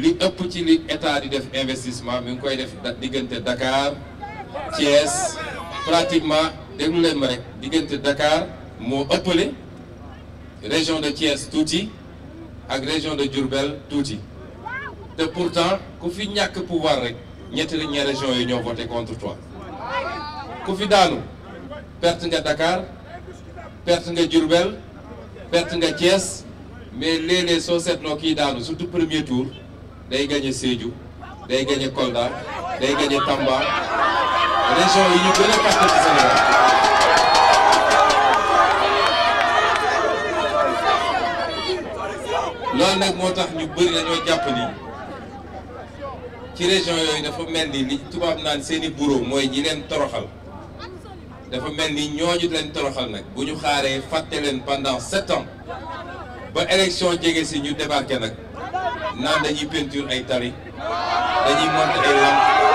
li ëpp ci li état di def investissement mi koy def Dakar Thiès pratiquement déglu leen rek Dakar moo région de Thiès touti, ak région de Diourbel touti. Et pourtant ku fi que pouvoir rek ñetti ni région yi ñoo voté contre toi ku fi daanu perte nga Dakar perte nga Djourbel, perte nga Thiès mais les léeg qui seetloo kii daanu surtout premier tour day gagné Sédhiou day gagné Kolda day gagné Tamba région yi ñu gën a ci Sénégal loolu nag moo tax ñu bëri dañoo jàpp ni ci région yooyu dafa mel ni li tubaab naan seeni bureau mooy ñi leen toroxal dafa mel ni ñoo ju leen toroxal nag bu ñu xaaree fàtte leen pendant sept ba élection jege si ñu débarqué nag you've been to ay then you want to lampe